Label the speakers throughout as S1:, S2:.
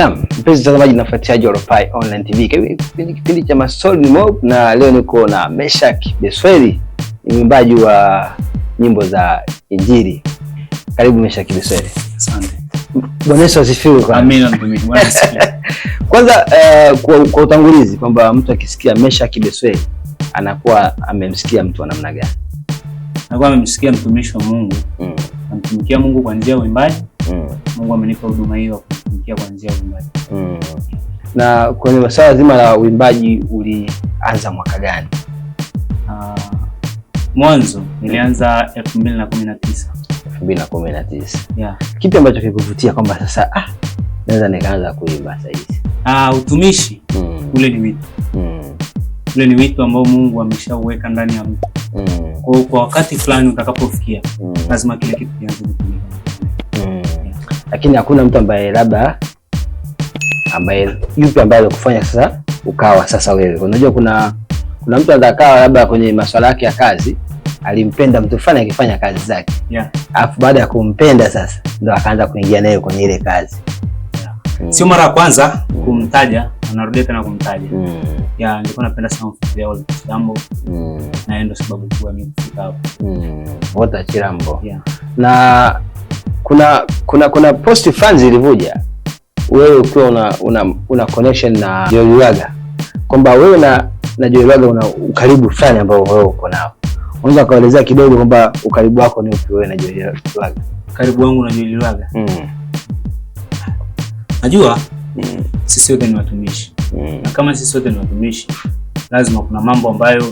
S1: Naam, mpenzi mtazamaji na mfuatiliaji wa Ropai Online TV, kipindi kipindi cha Masoli Mob, na leo niko na Meshak Besweli, ni mwimbaji wa nyimbo za Injili. Karibu Meshak Besweli. Asante. Bwana Yesu asifiwe. kwa.
S2: Amina. ndugu Bwana asifiwe.
S1: Kwanza eh, kwa, kwa utangulizi kwamba mtu akisikia Meshak Besweli anakuwa amemsikia mtu wa namna gani?
S2: Anakuwa amemsikia mtumishi wa Mungu, mm. Anamtumikia Mungu kwa njia ya uimbaji Mm mm. Mungu amenipa huduma hiyo kutumikia kuanzia uimbaji mm.
S1: Na kwenye swala zima la uimbaji ulianza mwaka gani?
S2: Uh, mwanzo nilianza elfu mbili na kumi na tisa
S1: elfu mbili na kumi na tisa yeah. Kipi ambacho kikuvutia kwamba sasa ah, naweza nikaanza kuimba sasa hivi?
S2: Ah, utumishi mm. Ule ni wito mm. Ule ni wito ambao Mungu ameshauweka ndani ya mtu mm. Kwa, kwa wakati fulani utakapofikia mm. lazima kile kitu kianze
S1: lakini hakuna mtu ambaye labda ambaye yupi ambaye alikufanya sasa ukawa sasa wewe. Unajua kuna kuna mtu anataka labda kwenye masuala yake ya kazi alimpenda mtu fulani akifanya kazi zake alafu yeah. baada ya kumpenda sasa ndo akaanza kuingia naye kwenye ile kazi yeah. Mm. Sio mara ya kwanza
S2: mm. kumtaja, anarudia tena kumtaja mm. ya nilikuwa napenda sana kufikiria wale Chirambo mm. Na ndio sababu kubwa mimi kufika hapo
S1: mm. Wota Chirambo yeah. na kuna kuna kuna post fans ilivuja wewe ukiwa una, una, una connection na Joel Lwaga kwamba wewe na na Joel Lwaga una ukaribu fulani ambao wewe uko nao, unaweza kuelezea kidogo kwamba ukaribu wako ni upi wewe na Joel Lwaga?
S2: Karibu wangu na Joel Lwaga mm. Najua mm. sisi wote ni watumishi mm. na kama sisi wote ni watumishi, lazima kuna mambo ambayo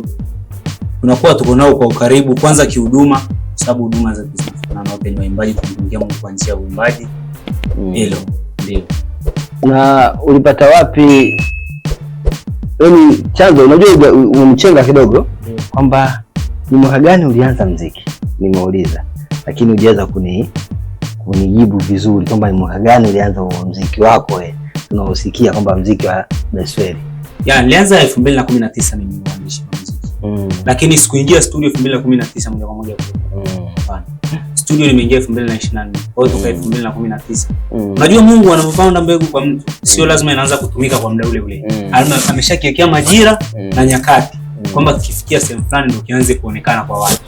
S2: tunakuwa tuko nao kwa ukaribu, kwanza kihuduma, sababu huduma za sana wote ni waimbaji, kumtumikia Mungu kwa njia ya uimbaji. Mm. Hilo ndio.
S1: Na ulipata wapi yaani chanzo? Unajua umemchenga kidogo kwamba ni mwaka gani ulianza mziki, nimeuliza lakini hujaweza kuni unijibu vizuri kwamba ni mwaka gani ulianza mziki wako wewe tunaosikia kwamba mziki wa Besweli.
S2: Ya, nilianza 2019 mimi mwandishi wa Mm. Lakini sikuingia studio 2019 moja kwa moja. Mm studio limeingia 2024 au toka tisa mm. Unajua Mungu anapopanda mbegu kwa mtu sio mm. lazima inaanza kutumika kwa muda ule ule. Mm. Ameshakiwekea majira na nyakati kwamba kifikia sehemu fulani ndio kianze kuonekana kwa watu.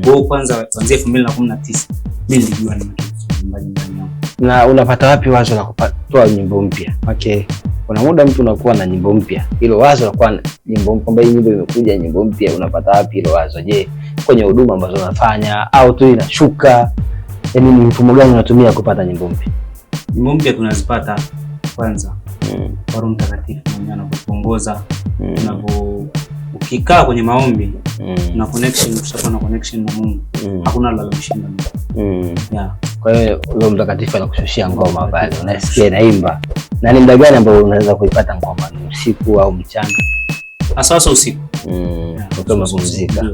S2: Kwa hiyo kwanza kuanzia tisa mimi nilijua ni mbalimbali.
S1: Na unapata wapi wazo la kutoa nyimbo mpya? Okay kuna muda mtu unakuwa na nyimbo mpya, hilo wazo la na nyimbo mpya hii nyimbo imekuja, nyimbo mpya. Unapata wapi hilo wazo? Je, kwenye huduma ambazo unafanya au tu inashuka? Yaani ni mfumo gani unatumia kupata nyimbo mpya?
S2: Nyimbo mpya tunazipata kwanza mm. kwa Roho Mtakatifu mwenyewe anapotuongoza mm. tunapo ukikaa kwenye maombi mm. na connection, tutakuwa na connection na Mungu mm. hakuna la kushinda mm.
S1: yeah. Kwa hiyo Roho Mtakatifu anakushushia ngoma pale, unasikia naimba na ni muda gani ambao unaweza kuipata ngoma? Usiku au mchana?
S2: Hasa hasa usiku.
S1: Mm, ukiwa umepumzika.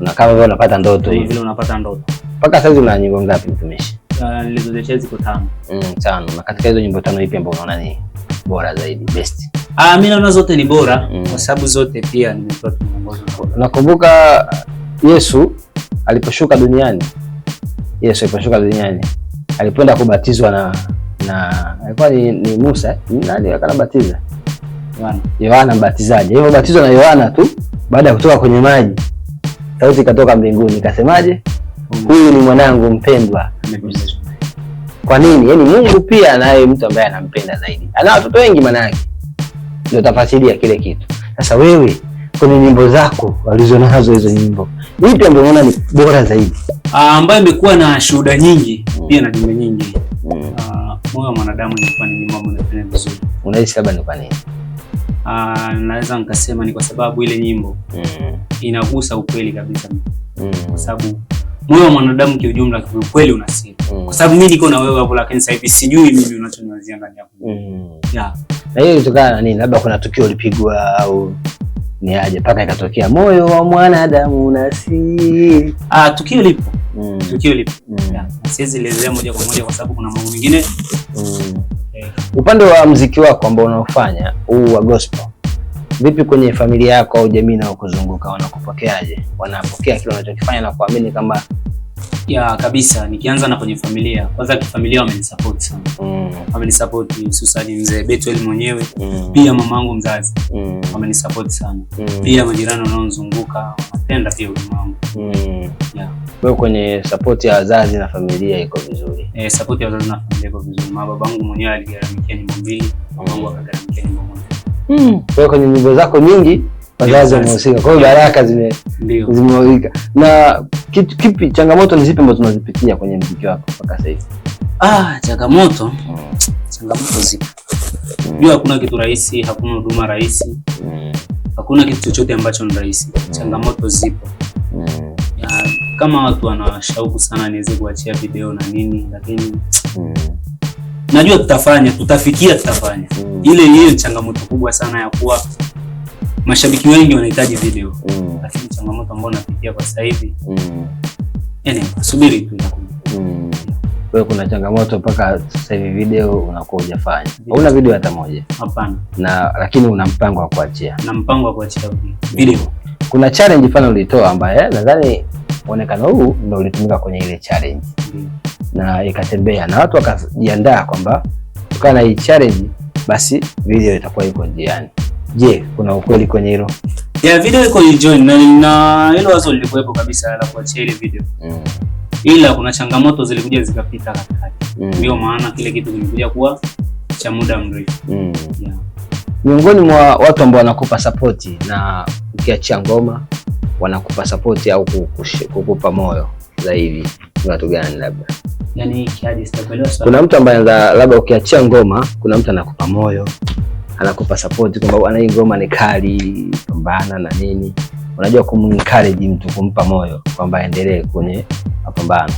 S1: Na kama vile unapata ndoto
S2: hivi. Vile unapata ndoto.
S1: Paka sasa una nyimbo ngapi mtumishi?
S2: Uh, Nilizozicheza ziko tano.
S1: Mm, tano. Na katika hizo nyimbo tano ipi ambayo unaona ni bora zaidi, best?
S2: Ah, mimi naona zote ni bora mm, kwa sababu zote pia nimetoa
S1: mwongozo. Nakumbuka Yesu aliposhuka duniani. Yesu aliposhuka duniani. Alipenda kubatizwa na na alikuwa ni, ni Musa nani akanabatiza Yohana, Yohana Mbatizaji. Hivyo batizo na Yohana tu, baada ya kutoka kwenye maji sauti ikatoka mbinguni ikasemaje? Huyu ni mwanangu mpendwa. Kwa nini? Yaani Mungu pia naye mtu ambaye anampenda zaidi, ana watoto wengi, maana ndio tafasiria kile kitu. Sasa wewe kwenye nyimbo zako walizonazo hizo nyimbo, ipi ambayo unaona ni bora zaidi,
S2: ah, ambayo imekuwa na shuhuda nyingi pia na jumbe nyingi? mm. Ah, moyo wa mwanadamu ni kwa nini mambo yanafanya vizuri.
S1: Unahisi labda ni kwa nini?
S2: Ah, naweza nikasema ni kwa sababu ile nyimbo mm. inagusa ukweli kabisa mm. kwa sababu moyo wa mwanadamu kwa ujumla kwa ukweli una siri mm. kwa sababu mimi niko na wewe hapo, lakini sasa hivi sijui mimi unachoniwazia ndani yako mm.
S1: yeah. na hiyo ilitokana na nini? Labda kuna tukio ulipigwa au ni aje mpaka ikatokea moyo wa mwanadamu una siri?
S2: Ah, tukio lipo Mm. tukio lipo. Mm. Siwezi lezea moja kwa moja kwa sababu kuna mambo mengine. Mm.
S1: Eh. Upande wa mziki wako ambao unaofanya huu wa gospel, vipi kwenye familia yako au jamii inayokuzunguka wanakupokeaje? Wanapokea kile unachokifanya na kuamini kama
S2: ya kabisa. Nikianza na kwenye familia kwanza, kifamilia wamenisupport sana, wamenisupport hususani mzee Betwel mwenyewe mm. pia mamangu mzazi mm. wamenisupport sana mm. pia majirani wanaozunguka wanapenda pia huduma mm.
S1: yeah. Kwa kwenye support ya wazazi na familia iko vizuri.
S2: Eh, support ya wazazi na familia iko vizuri. Babangu mwenyewe aligharamikia nyumba mbili, mamangu akagharamikia nyumba moja.
S1: Mm. Kwa kwenye nyimbo zako nyingi wazazi wamehusika. Kwa hiyo baraka zime zimeoika. Na kitu kipi changamoto ni zipi ambazo tunazipitia kwenye mziki wako mpaka sasa hivi?
S2: Ah, changamoto. Mm. Changamoto zipo. Jua hakuna kitu rahisi, hakuna huduma rahisi. Mm. Hakuna kitu chochote ambacho ni rahisi. Mm. Changamoto zipo. Mm kama watu wanashauku sana niweze kuachia video na nini, lakini mm. najua tutafanya, tutafikia, tutafanya mm. ile hiyo changamoto kubwa sana ya kuwa mashabiki wengi wanahitaji video mm. lakini changamoto ambayo napitia kwa sasa hivi mm. yani subiri tu mm.
S1: Wewe kuna changamoto mpaka sasa hivi video unakuwa hujafanya, hauna video hata moja? Hapana. Na lakini una mpango wa kuachia?
S2: Na mpango wa kuachia video.
S1: Kuna challenge fulani ulitoa ambaye nadhani Muonekano huu ndo ulitumika kwenye ile challenge mm. na ikatembea na watu wakajiandaa kwamba kutokana na hii challenge basi video itakuwa iko njiani. Je, kuna ukweli kwenye hilo?
S2: Yeah, video iko njiani na na hilo wazo lilikuwepo kabisa la kuachia ile video mm. ila kuna changamoto zilikuja zikapita katikati, mm. ndio mm. maana kile kitu kilikuja kuwa cha muda mrefu mm. yeah.
S1: miongoni mwa watu ambao wanakupa support na ukiachia ngoma wanakupa support au kukupa moyo zaidi ni watu gani labda? Yani, kuna mtu ambaye labda ukiachia ngoma, kuna mtu anakupa moyo, anakupa support kwamba bwana, hii ngoma ni kali, pambana na nini. Unajua kumencourage mtu, kumpa moyo kwamba aendelee kwenye mapambano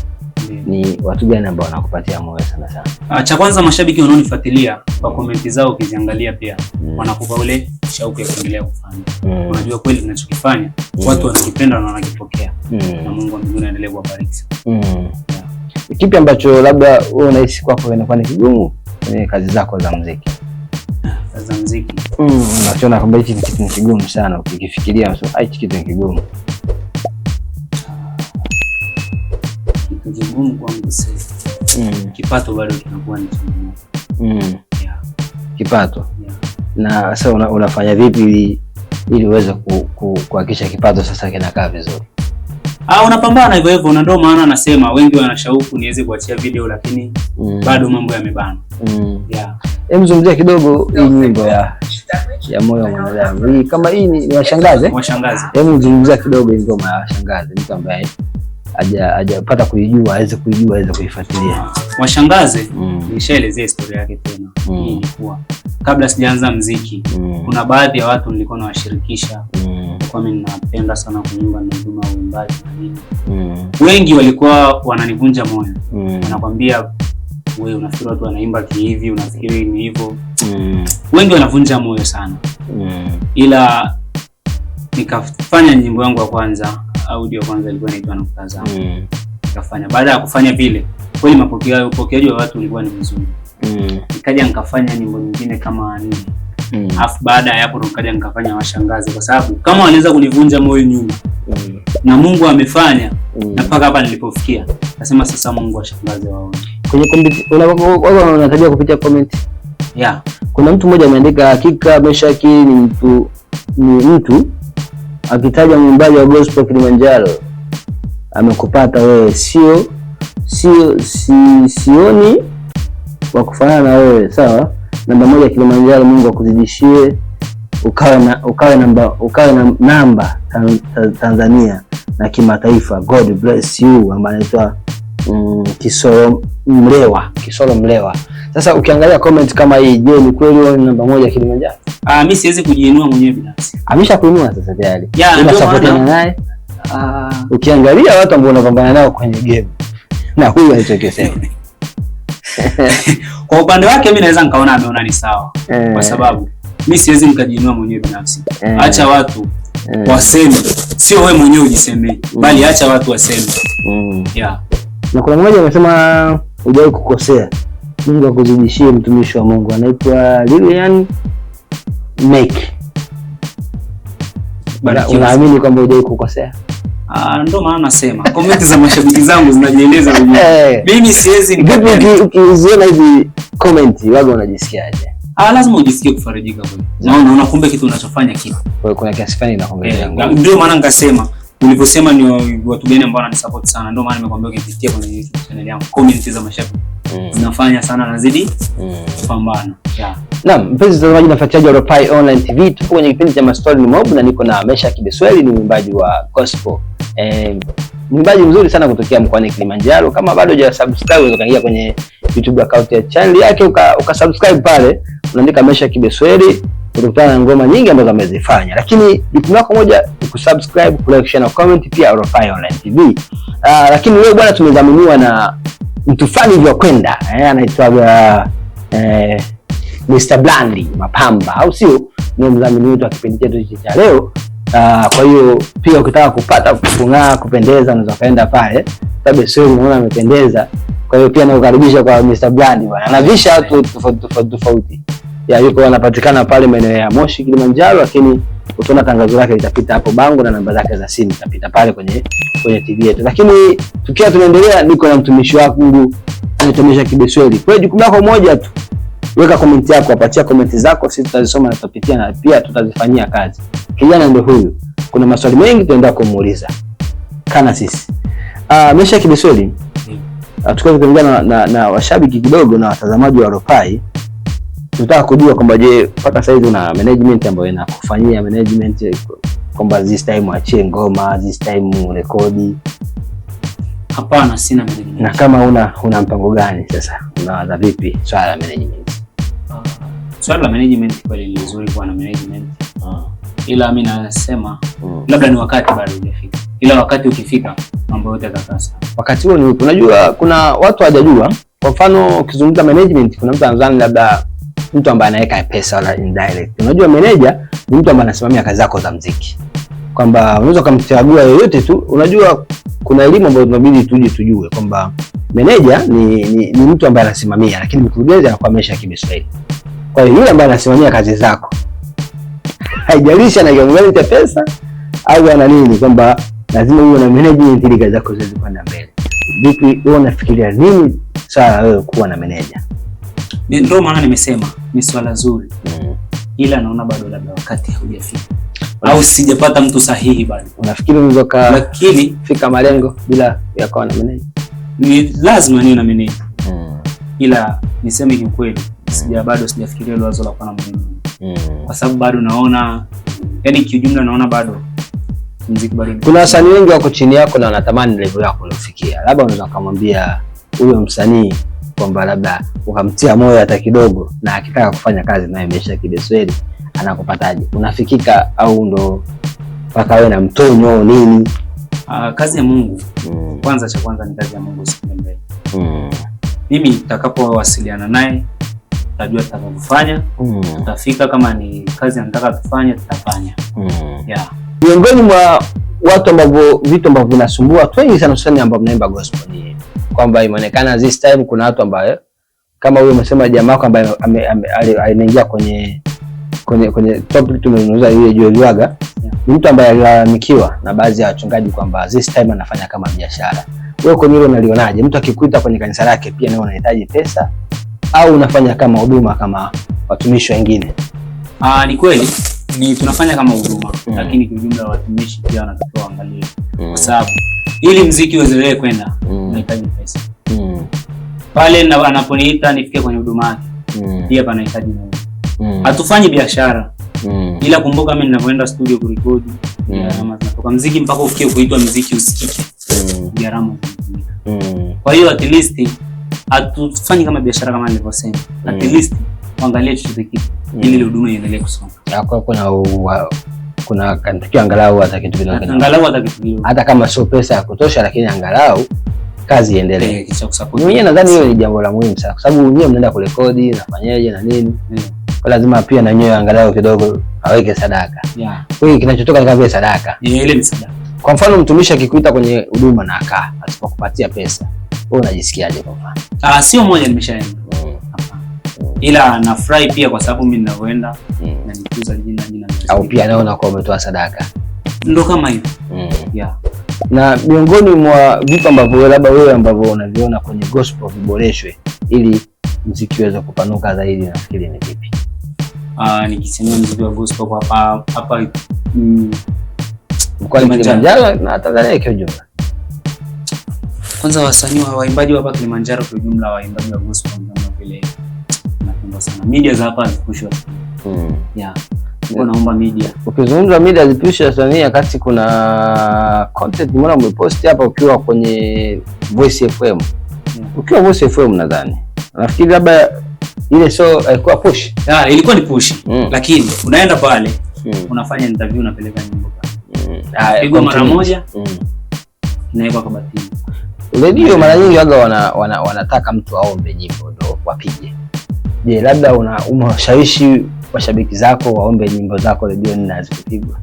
S1: ni watu gani ambao wanakupatia moyo sana sana?
S2: Ah, cha kwanza mashabiki wanaonifuatilia kwa komenti zao, ukiziangalia pia mm. wanakupa ule shauku ya kuendelea kufanya mm. unajua kweli tunachokifanya mm. watu wanakipenda na wanakipokea mm. na Mungu mbinguni aendelee kuwabariki mm. yeah.
S1: Kipi ambacho labda wewe unahisi kwako inakuwa ni kigumu kwenye kazi zako za muziki? za muziki mm. unachoona kwamba hichi kitu ni kigumu sana, ukikifikiria ah, hichi kitu ni kigumu
S2: kigumu kwangu sasa. Mm. Kipato bado kinakuwa ni changamoto. Mm.
S1: Yeah. Kipato. Yeah. Na sasa una, unafanya vipi ili ili uweze kuhakikisha ku, kipato sasa kinakaa vizuri?
S2: Ah, unapambana hivyo hivyo, na ndio maana nasema wengi wanashauku niweze kuachia video lakini mm. bado mambo yamebana. Mm.
S1: Yeah. Hebu zungumzia kidogo hii nyimbo ya ya moyo wa mwanadamu. Hii kama hii ni washangaze. Washangaze. Hebu zungumzia kidogo hii ngoma ya washangaze, mtu ambaye hajapata kuijua, aweze kuijua, aweze kuifuatilia.
S2: Washangaze mm. nishaelezea historia yake tena mm. ilikuwa kabla sijaanza mziki mm. kuna baadhi ya watu nilikuwa nawashirikisha mm. kwa mimi napenda sana kuimba na huduma ya uimbaji mm. wengi walikuwa wananivunja moyo mm. wanakwambia wewe unafikiri watu wanaimba kihivi, unafikiri ni hivyo mm. wengi wanavunja moyo sana mm. ila nikafanya nyimbo yangu ya kwanza audio kwanza ilikuwa inaitwa Nukta Zangu. Mm. Nikafanya baada ya kufanya vile kweli mapokeo upokeaji wa watu ulikuwa ni mzuri. Mm. Nikaja nikafanya nyimbo nyingine kama nne. Mm. Afu baada ya hapo nikaja nikafanya Washangazi kwa sababu kama wanaweza kunivunja moyo nyuma. Mm. Na Mungu amefanya mm. na mpaka hapa nilipofikia. Nasema sasa Mungu ashangaze wao
S1: Kwenye komenti unatabia kupitia comment. Yeah. Kuna mtu mmoja ameandika hakika Meshaki ni mtu ni mtu akitaja mwimbaji wa gospel Kilimanjaro amekupata wewe, sio sio si, sioni wa kufanana na wewe sawa. Namba moja Kilimanjaro, Mungu akuzidishie ukawe na, ukawe namba ukawe na namba tan, tan, Tanzania na kimataifa. God bless you, ambaye anaitwa mm, Kisoro Mlewa, Kisoro Mlewa. Sasa ukiangalia comment kama hii, je, ni kweli wewe ni namba moja Kilimanjaro?
S2: Ah, mimi siwezi kujiinua mwenyewe binafsi.
S1: Amesha kuinua sasa tayari. Ila support naye. Ah, ukiangalia watu ambao unapambana nao kwenye game. Na huyu alichokisema.
S2: Kwa upande wake mimi naweza nikaona ameona ni sawa. Eh. Kwa sababu mimi siwezi nikajiinua mwenyewe binafsi. Eh. Acha watu eh, waseme. Sio wewe mwenyewe ujiseme, mm, bali acha watu waseme. Mm.
S1: Yeah. Na kuna mmoja amesema hujawahi kukosea. Mungu akuzidishie mtumishi wa Mungu anaitwa Lilian make unaamini kwamba hujai kukosea?
S2: Ah, ndo maana nasema comment za mashabiki zangu zinajieleza wenyewe. Eh. Mimi siwezi
S1: ni ukiziona hivi comment waga unajisikiaje?
S2: Ah, lazima ujisikie kufarijika kwa hiyo. Naona una kumbe kitu unachofanya kitu. Kwa
S1: hiyo kuna kiasi fulani na comment yangu.
S2: Eh, ndio maana nikasema uliposema ni watu gani ambao wananisupport sana. Ndio maana nimekuambia ukipitia kwenye YouTube channel yangu comment za mashabiki Mm. zinafanya sana nazidi mm. kupambana mm. yeah.
S1: Naam, mpenzi mtazamaji na mfuatiliaji wa Ropai Online TV, tuko kwenye kipindi cha Mastori ni Mob na niko na Mesha Kibesweli, ni mwimbaji wa gospel eh, mwimbaji mzuri sana kutokea mkoani Kilimanjaro. Kama bado hujasubscribe, unaweza kaingia kwenye YouTube account ya channel yake ukasubscribe uka pale, unaandika Mesha Kibesweli utakutana na ngoma nyingi ambazo amezifanya, lakini jukumu lako moja ni kusubscribe, kulike, share na comment pia Ropai Online TV. Uh, ah, lakini leo bwana tumezaminiwa na mtu fulani hivi kwenda eh, anaitwaga eh, Mr Blandi Mapamba, au sio? Ndio mdhamini wetu wa kipindi chetu hichi cha leo. Uh, kwa hiyo pia ukitaka kupata kung'aa, kupendeza, unaweza kaenda pale sababu sio, unaona amependeza. Kwa hiyo pia nakukaribisha kwa Mr Blandi bwana, anavisha watu tofauti tofauti ya yuko anapatikana pale maeneo ya Moshi Kilimanjaro, lakini utaona tangazo lake litapita hapo bango na namba zake za simu zitapita pale kwenye kwenye TV yetu. Lakini tukiwa tunaendelea, niko na mtumishi wangu anatumisha Kibesweli. Kwa hiyo jukumu lako moja tu, weka komenti yako, apatia komenti zako, sisi tutazisoma na tutapitia na pia tutazifanyia kazi. Kijana ndio huyu, kuna maswali mengi tunaenda kumuuliza. Kana sisi ah, Mesha Kibesweli, mm. ah, tukiwa tukiongea na, na, na washabiki kidogo na watazamaji wa Ropai Tutaka kujua kwamba je, mpaka sasa hivi una management ambayo inakufanyia management kwamba this time achie ngoma, this time rekodi?
S2: Hapana, sina management.
S1: Na kama una una mpango gani sasa, unawaza vipi swala la management? Ah,
S2: swala la management kweli ni nzuri kuwa na management. uh, Ila mimi nasema uh, labda ni wakati bado hujafika, ila wakati ukifika mambo yote yatakaa sawa.
S1: Wakati huo ni Unajua kuna watu hawajajua, kwa mfano ukizungumza management, kuna mtu anadhani labda mtu ambaye anaweka pesa wala indirect. Unajua meneja ni mtu ambaye anasimamia kazi zako za mziki, kwamba unaweza kumchagua yoyote tu. Unajua kuna elimu ambayo tunabidi tuje tujue kwamba meneja ni, ni, ni mtu ambaye anasimamia, lakini mkurugenzi anakuwa amesha kimiswahili. Kwa hiyo yule ambaye anasimamia kazi zako haijalishi ana kiwango gani cha pesa au ana nini, kwamba lazima uwe na management ili kazi zako ziweze kwenda mbele. Vipi wewe unafikiria nini swala wewe kuwa na meneja?
S2: Ndio maana nimesema ni swala zuri mm. ila naona bado labda wakati haujafika au sijapata mtu sahihi bado.
S1: Unafikiri unaweza ka... lakini fika malengo bila ya kuwa na meneja?
S2: Ni lazima niwe na meneja mm. ila niseme kiukweli, mm. sija bado sijafikiria wazo la kuwa na meneja mm. kwa sababu bado naona yani, kiujumla naona bado
S1: mziki bado. Kuna wasanii wengi wako chini yako na wanatamani level yako unafikia, labda unaweza kumwambia huyo msanii kwamba labda ukamtia moyo hata kidogo, na akitaka kufanya kazi nayo imeisha kibesweli anakupataje? Unafikika au ndo mpaka wewe na mtonyo nini?
S2: Uh, kazi ya Mungu mm. Kwanza cha kwanza ni kazi ya Mungu mbele mm. Mimi nitakapowasiliana naye tutajua tutakavyofanya mm. Tutafika kama ni kazi anataka tufanye tutafanya mm.
S1: yeah. Miongoni mwa watu ambao vitu ambavyo vinasumbua watu wengi sana, hususani ambao mnaimba gospel ni kwamba imeonekana this time kuna watu ambao kama huyo umesema jamaa wako ambaye anaingia kwenye kwenye kwenye topic tumezungumza ile Joel Lwaga ni mtu ambaye alilalamikiwa na baadhi ya wachungaji kwamba this time anafanya kama biashara. Wewe kwenye hilo unalionaje? Mtu akikuita kwenye kanisa lake pia naye anahitaji pesa au unafanya kama huduma kama watumishi wengine?
S2: Ah, ni kweli ni tunafanya kama huduma mm. Lakini kwa jumla watumishi pia wanatakiwa waangalie mm. kwa hmm. sababu ili mziki uwezelewe kwenda mm. unahitaji pesa mm. pale anaponiita nifike kwenye huduma yake mm. pia panahitaji mm. hatufanyi biashara mm. ila kumbuka mimi ninavyoenda studio kurekodi kwa mm. zinatoka mziki mpaka ufike kuitwa mziki usikike mm. gharama mm. kwa hiyo at least hatufanyi kama biashara kama nilivyosema at mm. least mm. angalia chochote kitu mm. ili huduma iendelee kusonga
S1: kuna kanitakiwa angalau hata kitu
S2: kidogo, angalau hata kitu kidogo,
S1: hata kama sio pesa ya kutosha, lakini angalau kazi iendelee. Yeah, kisha
S2: kusapoti mimi nadhani hiyo ni jambo la muhimu sana, kwa sababu nyewe mnaenda kurekodi nafanyaje na nini, eh.
S1: kwa lazima pia na nyewe angalau kidogo aweke sadaka, yeah. Kwa hiyo kinachotoka ni kama vile sadaka,
S2: yeah, ile ni sadaka.
S1: Kwa mfano mtumishi akikuita kwenye huduma na akaa asipokupatia pesa, wewe unajisikiaje? Kwa mfano
S2: ah, sio moja nimeshaenda mm ila nafurahi pia kwa sababu mimi ninavyoenda mm. nanikuza
S1: jina jina, au pia naona nakuwa umetoa sadaka,
S2: ndo kama hivyo mm.
S1: yeah. Na miongoni mwa vitu ambavyo labda wewe ambavyo unaviona kwenye gospel viboreshwe ili mziki uweze kupanuka zaidi, nafikiri ni vipi?
S2: Uh, nikisema mziki wa gospel kwa hapa hapa mm,
S1: mkoani Kilimanjaro na Tanzania kwa ujumla
S2: kwanza wasanii wa waimbaji wa hapa Kilimanjaro kwa ujumla, waimbaji wa gospel media za hapa hazipusha. Mm. Yeah. Yeah. Naomba media.
S1: Ukizungumza media zipushwe Tanzania, kati kuna content mbona umeposti hapa ukiwa kwenye Voice FM. Yeah. Ukiwa Voice FM nadhani. Nafikiri labda ile so ilikuwa uh, push.
S2: Yeah, ilikuwa ni push. Mm. Lakini unaenda pale, mm. unafanya interview unapeleka nyimbo pale. Mm. Ah, pigwa mara moja. Mm. Inawekwa kabatini.
S1: Redio mara hmm. nyingi waga wana, wana, wanataka mtu aombe nyimbo ndo wapige. Je, labda una umewashawishi washabiki zako waombe nyimbo zako redioni na zikupigwa?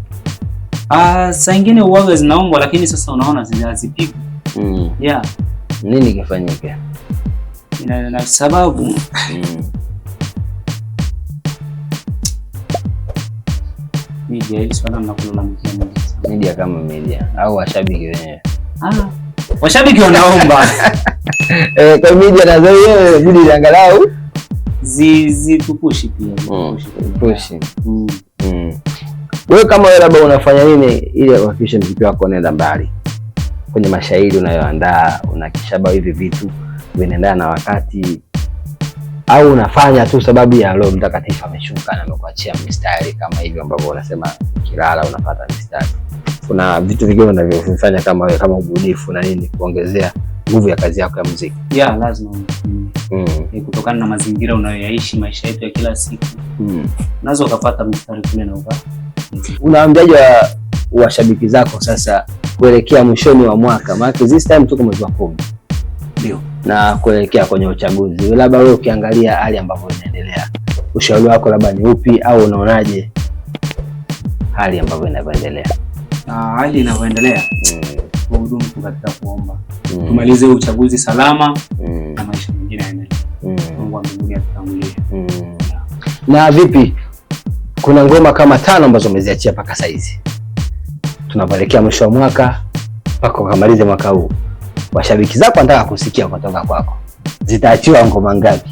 S2: Ah, saa ingine uwaga zinaombwa, lakini sasa unaona zinazipigwa.
S1: Mm. Yeah. Nini kifanyike?
S2: ina na sababu mm. Media
S1: media kama media au washabiki wenyewe? Ah,
S2: washabiki wanaomba.
S1: Eh, kwa media na zao inabidi angalau
S2: zitupushi pia mm,
S1: mm. Mm. wewe kama wewe labda unafanya nini ili uhakikishe mziki wako unaenda mbali kwenye mashairi unayoandaa, unakishaba hivi vitu vinaendana na wakati, au unafanya tu sababu ya Roho Mtakatifu ameshuka na amekuachia mistari kama hivyo ambavyo unasema kilala unapata mistari? Kuna vitu vingine unavyofanya kama kama ubunifu na nini kuongezea nguvu ya kazi yako ya muziki?
S2: Yeah, lazima mm. kutokana na mazingira unayoyaishi maisha yetu ya kila siku mm. Unaweza ukapata mstari kule na mm.
S1: unaambiaje washabiki zako sasa kuelekea mwishoni wa mwaka, maana this time tuko mwezi wa kumi ndio na kuelekea kwenye uchaguzi, labda wewe ukiangalia hali ambavyo inaendelea, ushauri wako labda ni upi, au unaonaje hali ambavyo inavyoendelea?
S2: Ah, hali inavyoendelea mm tuwahudumu tu katika kuomba mm. tumalize uchaguzi salama mm. na maisha mengine yaendelee. Mm. Mungu wa mbinguni atutangulie. Mm.
S1: Na vipi, kuna ngoma kama tano ambazo umeziachia mpaka saizi, tunapoelekea mwisho wa mwaka mpaka ukamalize mwaka huu, washabiki zako wanataka kusikia kutoka kwako, zitaachiwa ngoma ngapi?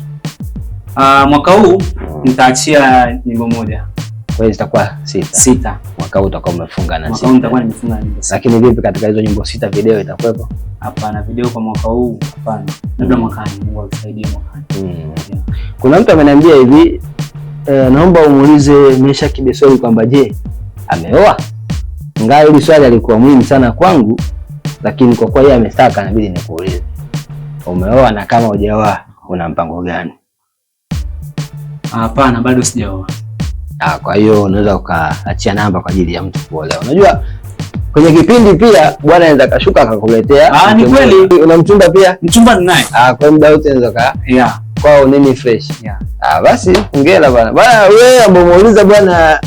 S2: Uh, mwaka huu mm. nitaachia nyimbo moja
S1: hizi zitakuwa sita. Sita. Mwaka huu utakuwa umefunga na sita. Mwaka
S2: huu Nitakuwa nimefunga na
S1: sita. Lakini vipi katika hizo nyimbo sita video itakuwepo?
S2: Hapana, video kwa mwaka huu hapana. Labda mm. mwakani, Mungu atusaidie mwakani. Mm.
S1: Kuna mtu ameniambia hivi eh, naomba umuulize Mesha Kibesoli kwamba je, ameoa? Ingawa hili swali alikuwa muhimu sana kwangu, lakini kwa kuwa yeye amestaka inabidi nikuulize. Umeoa na kama hujaoa una mpango gani?
S2: Hapana, bado sijaoa.
S1: Ah, kwa hiyo unaweza ukaachia namba kwa ajili ya mtu kuolewa. Unajua kwenye kipindi pia bwana anaweza kashuka akakuletea.
S2: Ah, ni kweli. Una mchumba pia? Mchumba ninaye.
S1: Ah, kwa muda wote anaweza ka. Yeah. Kwa nini fresh. Yeah. Ah, basi ongea bwana. Bwana wewe ambaye muuliza bwana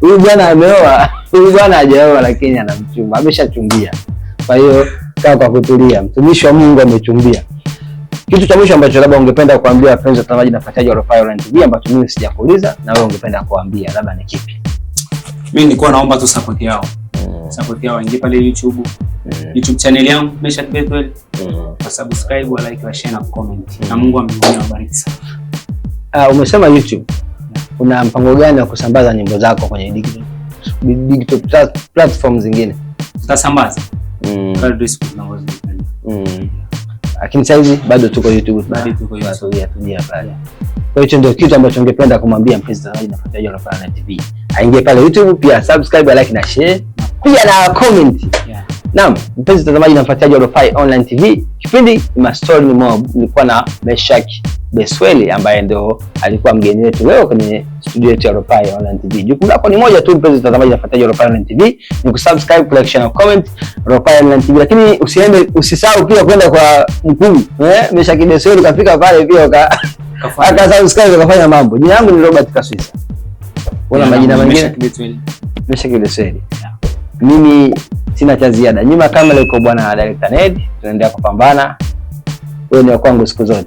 S1: huyu bwana ameoa, huyu bwana hajaoa lakini ana mchumba. Ameshachumbia. Kwa hiyo kaa kwa kutulia. Mtumishi wa Mungu amechumbia. Kitu cha mwisho ambacho labda ungependa kuambia friends watazamaji na wafuatiliaji wa Ropai Online TV ambacho mimi sijakuuliza na wewe ungependa kuambia labda ni kipi?
S2: Mimi nilikuwa naomba tu support yao. Mm. Support yao ingie pale YouTube. Mm. YouTube channel yangu Meshack Bethuel. Mm. Kwa subscribe, wa like, wa share na comment. Mm. Na Mungu ambariki sana.
S1: Ah, umesema YouTube. Una mpango gani wa kusambaza nyimbo zako kwenye digital, digital platform zingine?
S2: Tutasambaza. Mm. Kadri siku tunavyozidi. Mm
S1: lakini sasa hivi bado tuko YouTube,
S2: bado tuko YouTube,
S1: ya tunia pale. Kwa hiyo ndio kitu ambacho ungependa kumwambia mpenzi wangu na mfuatiliaji wa Roparana TV, aingie pale YouTube, pia subscribe, like na share, pia na comment. Naam, mpenzi mtazamaji na mfuatiliaji wa Ropai Online TV, kipindi ni Mastori Mob. Nilikuwa na Meshack Besweli ambaye ndio alikuwa mgeni wetu leo kwenye studio yetu ya Ropai Online TV. Jukumu lako ni moja tu mpenzi mtazamaji na mfuatiliaji wa Ropai Online TV, ni kusubscribe, like, share na comment Ropai Online TV. Lakini usiende usisahau pia kwenda kwa mkuu. Eh, Meshack Besweli kafika pale pia ka uka subscribe kafanya mambo. Jina langu ni Robert Kaswisa. Una majina mengine? Meshack Besweli mimi sina cha ziada. Nyuma kamera iko bwana Director Ned, tunaendelea kupambana. Wewe ni kwangu siku zote.